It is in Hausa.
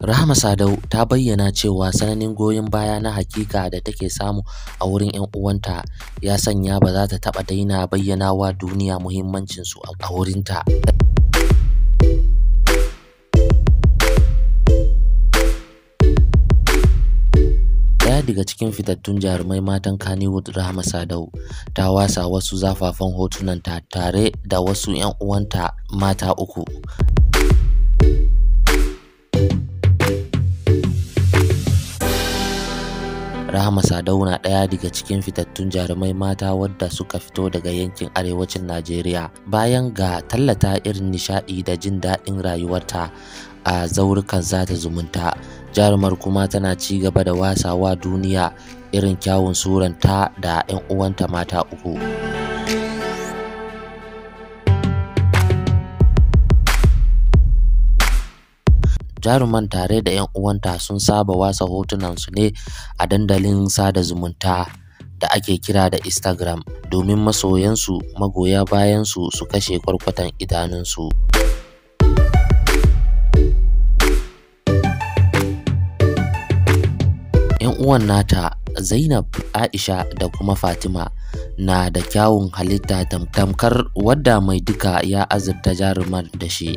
Rahama Sadau ta bayyana cewa sananin goyon baya na hakika da take samu a wurin 'yan uwanta ya sanya ba za ta taɓa daina bayyana wa duniya muhimmancinsu a wurinta. Daya daga cikin fitattun jarumai matan Kannywood Rahama Sadau ta wasa wasu zafafan hotunanta tare da wasu 'yan uwanta mata uku. Rahama Sadau na ɗaya daga cikin fitattun jarumai mata wadda suka fito daga yankin arewacin Najeriya bayan ga tallata irin nishaɗi da jin daɗin rayuwarta a zaurukan zata zumunta. Jarumar kuma tana ci gaba da wasawa duniya irin kyawun suranta da 'yan uwanta mata uku. Jaruman tare da 'yan uwanta sun saba wasa hotunansu ne a dandalin sada zumunta da ake kira da Instagram domin masoyansu magoya bayan su su kashe kwarkwatan idanunsu. uwan nata Zainab Aisha da kuma Fatima na da kyawun halitta tamkar wadda mai duka ya azurta jaruman da shi.